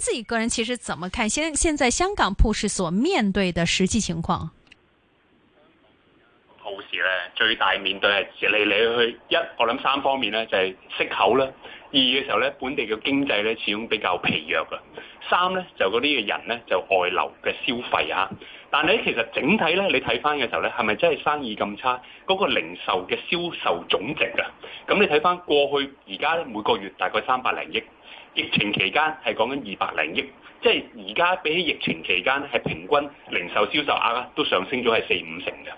自己個人其實怎麼看？現現在香港鋪市所面對的實際情況鋪市咧最大面對係嚟嚟去去一，我諗三方面咧就係息口啦；二嘅時候咧本地嘅經濟咧始終比較疲弱噶；三咧就嗰啲嘅人咧就外流嘅消費啊。但係其實整體咧，你睇翻嘅時候咧，係咪真係生意咁差？嗰個零售嘅銷售總值啊，咁你睇翻過去而家每個月大概三百零億，疫情期間係講緊二百零億，即係而家比起疫情期間係平均零售銷售額啊都上升咗係四五成嘅。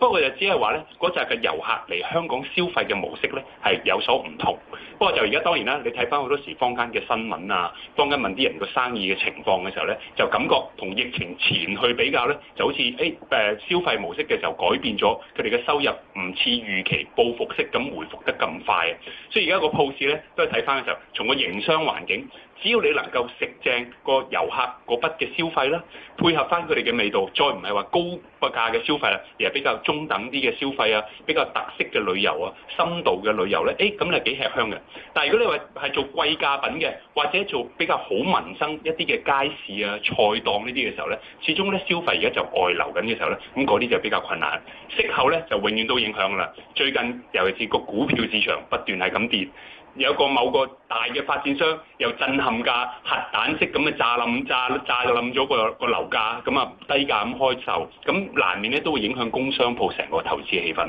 不過就只係話咧，嗰扎嘅遊客嚟香港消費嘅模式咧，係有所唔同。不過就而家當然啦，你睇翻好多時坊間嘅新聞啊，坊間問啲人個生意嘅情況嘅時候咧，就感覺同疫情前去比較咧，就好似誒、哎呃、消費模式嘅時候改變咗，佢哋嘅收入唔似預期報復式咁回復得咁快啊。所以而家個鋪市咧都係睇翻嘅時候，從個營商環境。只要你能夠食正個遊客嗰筆嘅消費啦，配合翻佢哋嘅味道，再唔係話高價嘅消費啦，而係比較中等啲嘅消費啊，比較特色嘅旅遊啊，深度嘅旅遊咧，誒咁咧幾吃香嘅。但係如果你話係做貴價品嘅，或者做比較好民生一啲嘅街市啊、菜檔呢啲嘅時候咧，始終咧消費而家就外流緊嘅時候咧，咁嗰啲就比較困難。息口咧就永遠都影響㗎啦。最近尤其是個股票市場不斷係咁跌。有一個某個大嘅發展商，又震撼價核彈式咁嘅炸冧炸炸冧咗個個樓價，咁啊低價咁開售，咁難免咧都會影響工商鋪成個投資氣氛。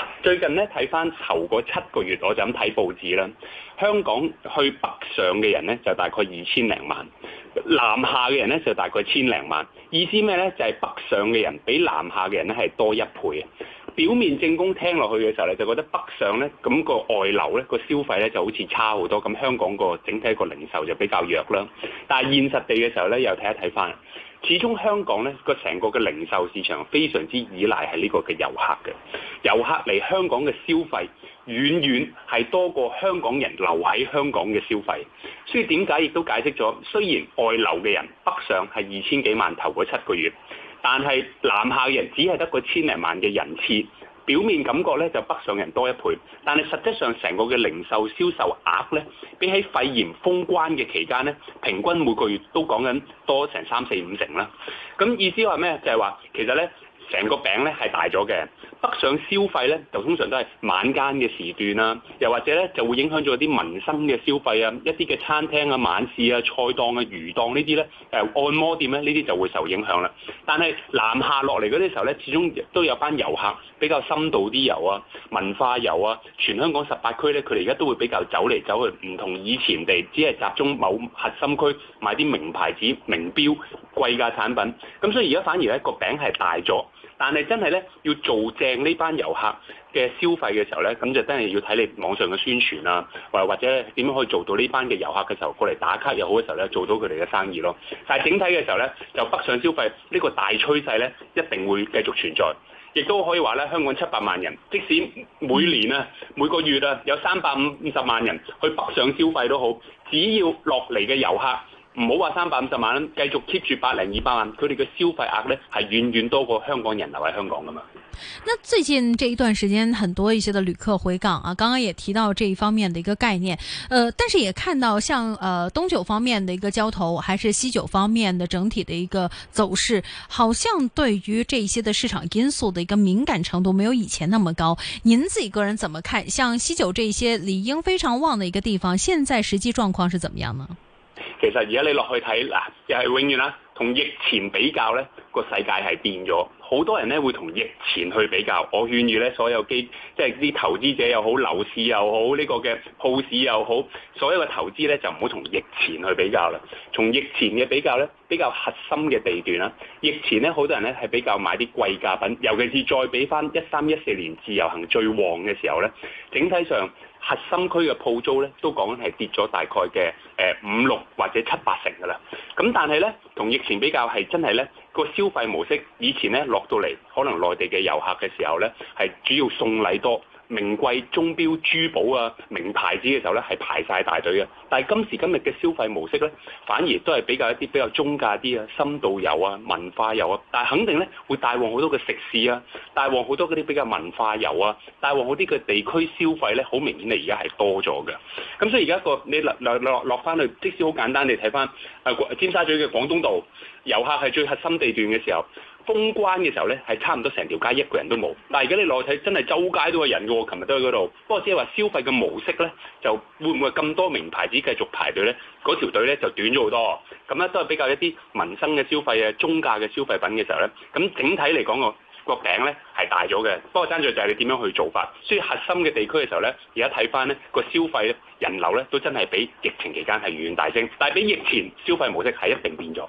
最近咧睇翻頭嗰七個月，我就咁睇報紙啦。香港去北上嘅人咧就大概二千零萬，南下嘅人咧就大概千零萬。意思咩咧？就係北上嘅人比南下嘅人咧係多一倍。表面正公聽落去嘅時候咧，就覺得北上咧，咁個外流咧，個消費咧就好似差好多。咁香港個整體個零售就比較弱啦。但係現實地嘅時候咧，又睇一睇翻。始終香港呢個成個嘅零售市場非常之依賴係呢個嘅遊客嘅，遊客嚟香港嘅消費遠遠係多過香港人留喺香港嘅消費，所以點解亦都解釋咗，雖然外流嘅人北上係二千幾萬頭嗰七個月，但係南下嘅人只係得個千零萬嘅人次。表面感覺咧就北上人多一倍，但係實際上成個嘅零售銷售額咧，比起肺炎封關嘅期間咧，平均每個月都講緊多成三四五成啦。咁意思話咩？就係、是、話其實咧。成個餅咧係大咗嘅，北上消費咧就通常都係晚間嘅時段啦，啊，又或者咧就會影響咗啲民生嘅消費啊，一啲嘅餐廳啊、晚市啊、菜檔啊、魚檔這些呢啲咧，誒按摩店咧呢啲就會受影響啦。但係南下落嚟嗰啲時候咧，始終都有班遊客比較深度啲遊啊、文化遊啊，全香港十八區咧，佢哋而家都會比較走嚟走去，唔同以前的地，只係集中某核心區買啲名牌子、名錶。貴價產品，咁所以而家反而呢個餅係大咗，但係真係咧要做正呢班遊客嘅消費嘅時候咧，咁就真係要睇你網上嘅宣傳啊，或或者點樣可以做到呢班嘅遊客嘅時候過嚟打卡又好嘅時候咧，做到佢哋嘅生意咯。但係整體嘅時候咧，就北上消費呢個大趨勢咧，一定會繼續存在，亦都可以話咧，香港七百萬人，即使每年啊、每個月啊，有三百五十萬人去北上消費都好，只要落嚟嘅遊客。唔好話三百五十萬，繼續 keep 住百零二百萬，佢哋嘅消費額呢係遠遠多過香港人流喺香港㗎嘛？那最近這一段時間，很多一些的旅客回港啊，剛剛也提到這一方面的一個概念，呃，但是也看到像，呃，東九方面的一個交投，還是西九方面的整體的一個走勢，好像對於這些的市場因素的一個敏感程度，沒有以前那麼高。您自己個人怎麼看？像西九這些理應非常旺的一個地方，現在實際狀況是怎麼樣呢？其實而家你落去睇，嗱、啊，又係永遠啦，同疫前比較咧，個世界係變咗。好多人咧會同疫前去比較，我勸喻咧所有基，即係啲投資者又好，樓市又好，呢、這個嘅鋪市又好，所有嘅投資咧就唔好同疫前去比較啦。從疫前嘅比較咧，比較核心嘅地段啦，疫前咧好多人咧係比較買啲貴價品，尤其是再比翻一三一四年自由行最旺嘅時候咧，整體上。核心區嘅鋪租咧，都講緊係跌咗大概嘅誒五六或者七八成噶啦。咁但係咧，同疫情比較係真係咧，個消費模式，以前咧落到嚟可能內地嘅遊客嘅時候咧，係主要送禮多。名貴鐘錶、珠寶啊、名牌子嘅時候咧，係排晒大隊嘅。但係今時今日嘅消費模式咧，反而都係比較一啲比較中價啲啊、深度遊啊、文化遊啊。但係肯定咧，會帶旺好多嘅食肆啊，帶旺好多嗰啲比較文化遊啊，帶旺好啲嘅地區消費咧，好明顯你而家係多咗嘅。咁所以而家、嗰個你落落落落翻去，即使好簡單，你睇翻啊，尖沙咀嘅廣東道，遊客係最核心地段嘅時候。封關嘅時候呢，係差唔多成條街一個人都冇。但係而家你內睇真係周街都係人㗎喎，琴日都去嗰度。不過只係話消費嘅模式呢，就會唔會咁多名牌子繼續排隊呢？嗰條隊呢，就短咗好多。咁咧都係比較一啲民生嘅消費啊、中價嘅消費品嘅時候呢。咁整體嚟講，個個餅呢係大咗嘅。不過爭在就係你點樣去做法。所以核心嘅地區嘅時候呢，而家睇翻呢個消費呢人流呢，都真係比疫情期間係遠大升，但係比疫情前消費模式係一定變咗。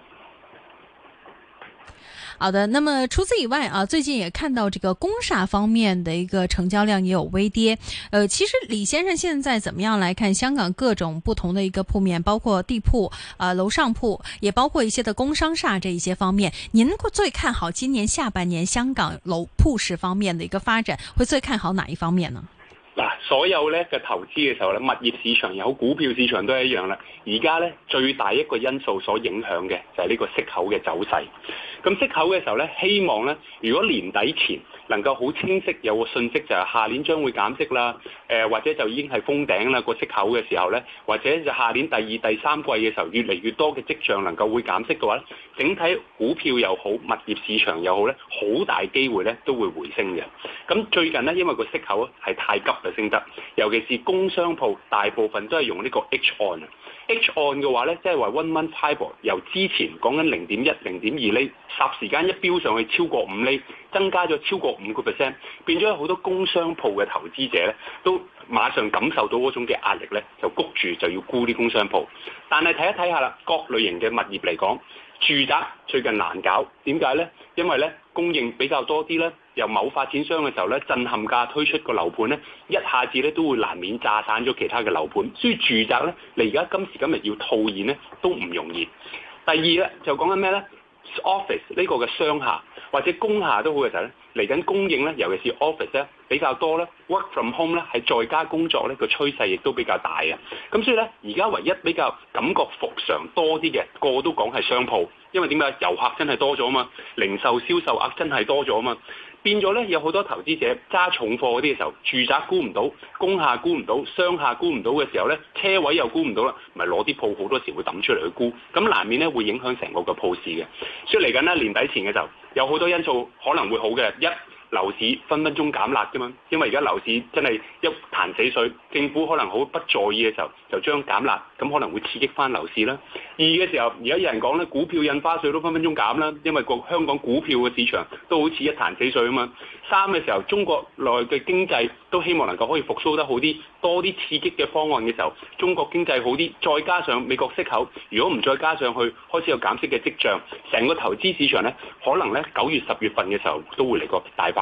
好的，那麼除此以外啊，最近也看到這個工廈方面的一個成交量也有微跌。呃，其實李先生現在怎麼樣來看香港各種不同的一個鋪面，包括地鋪啊、呃、樓上鋪，也包括一些的工商廈這一些方面，您最看好今年下半年香港樓鋪市方面的一個發展，會最看好哪一方面呢？所有的投資嘅時候呢，物業市場有股票市場都一樣啦。而家呢，最大一個因素所影響嘅就係呢個息口嘅走勢。咁息口嘅時候咧，希望咧，如果年底前能夠好清晰有個訊息，就息，就係下年將會減息啦，誒或者就已經係封頂啦個息口嘅時候咧，或者就下年第二、第三季嘅時候，越嚟越多嘅跡象能夠會減息嘅話咧，整體股票又好，物業市場又好咧，好大機會咧都會回升嘅。咁最近咧，因為個息口係太急啦升得，尤其是工商鋪，大部分都係用呢個 H on H 按嘅話咧，即係話 one month HIBOR 由之前講緊零點一、零點二厘，霎時間一飆上去超過五厘，增加咗超過五個 percent，變咗好多工商鋪嘅投資者咧，都馬上感受到嗰種嘅壓力咧，就谷住就要沽啲工商鋪。但係睇一睇下啦，各類型嘅物業嚟講。住宅最近難搞，點解呢？因為呢，供應比較多啲呢，由某發展商嘅時候呢，震撼價推出個樓盤呢，一下子都會難免炸散咗其他嘅樓盤，所以住宅呢，你而家今時今日要套現呢都唔容易。第二呢，就講緊咩呢 o f f i c e 呢個嘅商客。或者工廈都好嘅時候咧，嚟緊供應咧，尤其是 office 咧比較多咧，work from home 咧係在家工作咧個趨勢亦都比較大嘅。咁所以咧，而家唯一比較感覺復常多啲嘅，個個都講係商鋪，因為點解遊客真係多咗啊嘛，零售銷售額真係多咗啊嘛。變咗咧，有好多投資者揸重貨嗰啲嘅時候，住宅估唔到，工廈估唔到，商廈估唔到嘅時候咧，車位又估唔到啦，咪攞啲鋪好多時會抌出嚟去估，咁難免咧會影響成個個鋪市嘅。所以嚟緊咧，年底前嘅時候，有好多因素可能會好嘅一。樓市分分鐘減辣㗎嘛，因為而家樓市真係一潭死水，政府可能好不在意嘅時候就將減辣，咁可能會刺激翻樓市啦。二嘅時候，而家有人講咧，股票印花稅都分分鐘減啦，因為個香港股票嘅市場都好似一潭死水啊嘛。三嘅時候，中國內嘅經濟都希望能夠可以復甦得好啲，多啲刺激嘅方案嘅時候，中國經濟好啲，再加上美國息口，如果唔再加上去，開始有減息嘅跡象，成個投資市場咧，可能咧九月十月份嘅時候都會嚟個大爆。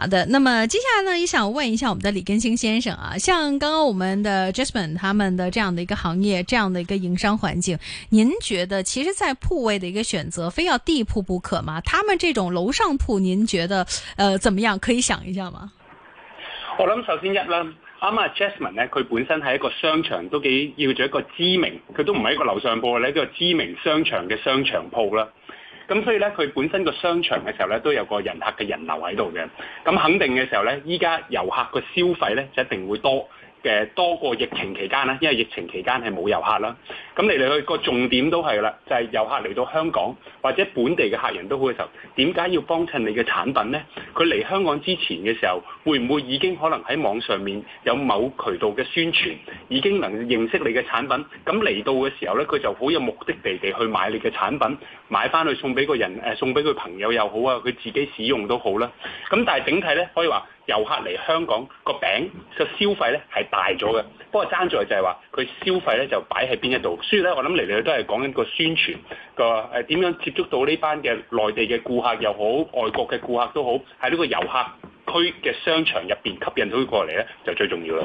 好的，那麼接下來呢，也想問一下我們的李根興先生啊，像剛剛我們的 Jasmine 他們的這樣的一個行業，這樣的一個營商環境，您覺得其實，在鋪位的一個選擇，非要地鋪不可嗎？他們這種樓上鋪，您覺得呃怎麼樣？可以想一下嗎？我諗首先一啦，啱啊，Jasmine 呢，佢本身係一個商場都幾要做一個知名，佢都唔係一個樓上鋪咧，嗯、是一個知名商場嘅商場鋪啦。咁所以咧，佢本身個商場嘅時候咧，都有個人客嘅人流喺度嘅。咁肯定嘅時候咧，依家遊客嘅消費咧就一定會多嘅多過疫情期間啦，因為疫情期間係冇遊客啦。咁嚟嚟去個重點都係啦，就係、是、遊客嚟到香港或者本地嘅客人都好嘅時候，點解要幫襯你嘅產品呢？佢嚟香港之前嘅時候，會唔會已經可能喺網上面有某渠道嘅宣傳，已經能認識你嘅產品？咁嚟到嘅時候呢，佢就好有目的地地去買你嘅產品，買翻去送俾個人，送俾佢朋友又好啊，佢自己使用都好啦。咁但係整體呢，可以話遊客嚟香港，個餅嘅消費呢係大咗嘅，不過爭在就係話佢消費呢就擺喺邊一度。所以咧，我諗嚟嚟都係講緊個宣傳，個誒，點樣接觸到呢班嘅內地嘅顧客又好，外國嘅顧客都好，喺呢個遊客區嘅商場入邊吸引到佢過嚟咧，就最重要啦。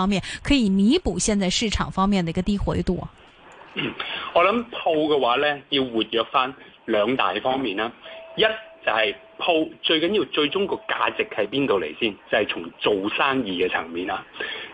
方面可以彌補現在市場方面的一個低活躍度、啊。我諗鋪嘅話咧，要活躍翻兩大方面啦、啊，一就係鋪最緊要最終個價值喺邊度嚟先，就係、是、從做生意嘅層面啦、啊，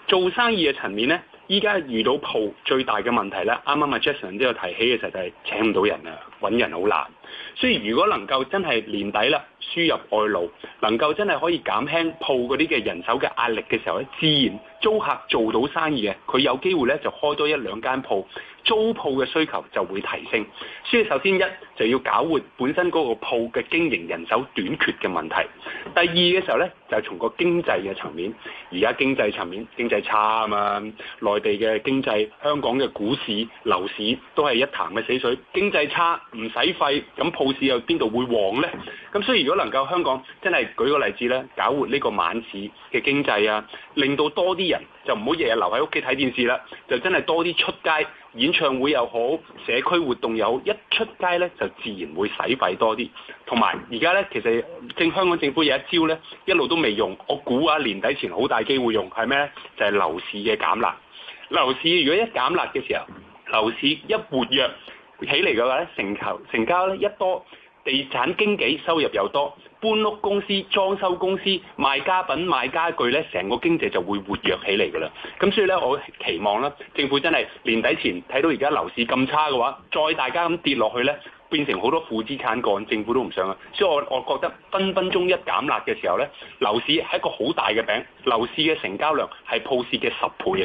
做生意嘅層面咧。依家遇到鋪最大嘅問題呢，啱啱阿 Jason 都有提起嘅時候，就係請唔到人啊，揾人好難。所以如果能夠真係年底啦，輸入外勞，能夠真係可以減輕鋪嗰啲嘅人手嘅壓力嘅時候呢，自然租客做到生意嘅，佢有機會呢就開多一兩間鋪。租鋪嘅需求就會提升，所以首先一就要搞活本身嗰個鋪嘅經營人手短缺嘅問題。第二嘅時候呢，就係從個經濟嘅層面，而家經濟層面經濟差啊嘛，內地嘅經濟、香港嘅股市、樓市都係一潭嘅死水，經濟差唔使費，咁鋪市又邊度會旺呢？咁所以如果能夠香港真係舉個例子呢，搞活呢個晚市嘅經濟啊，令到多啲人就唔好日日留喺屋企睇電視啦，就真係多啲出街。演唱會又好，社區活動又好，一出街呢就自然會使費多啲。同埋而家呢，其實正香港政府有一招呢，一路都未用。我估啊，年底前好大機會用，係咩呢？就係樓市嘅減辣。樓市如果一減辣嘅時候，樓市一活躍起嚟嘅話呢，成交，成交一多，地產經紀收入又多。搬屋公司、裝修公司、賣家品、賣家具呢，咧，成個經濟就會活躍起嚟噶啦。咁所以咧，我期望啦，政府真係年底前睇到而家樓市咁差嘅話，再大家咁跌落去咧，變成好多負資產個，政府都唔想啊。所以我我覺得分分鐘一減辣嘅時候咧，樓市係一個好大嘅餅，樓市嘅成交量係鋪市嘅十倍啊。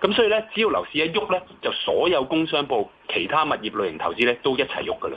咁所以咧，只要樓市一喐咧，就所有工商部其他物業類型投資咧都一齊喐噶啦。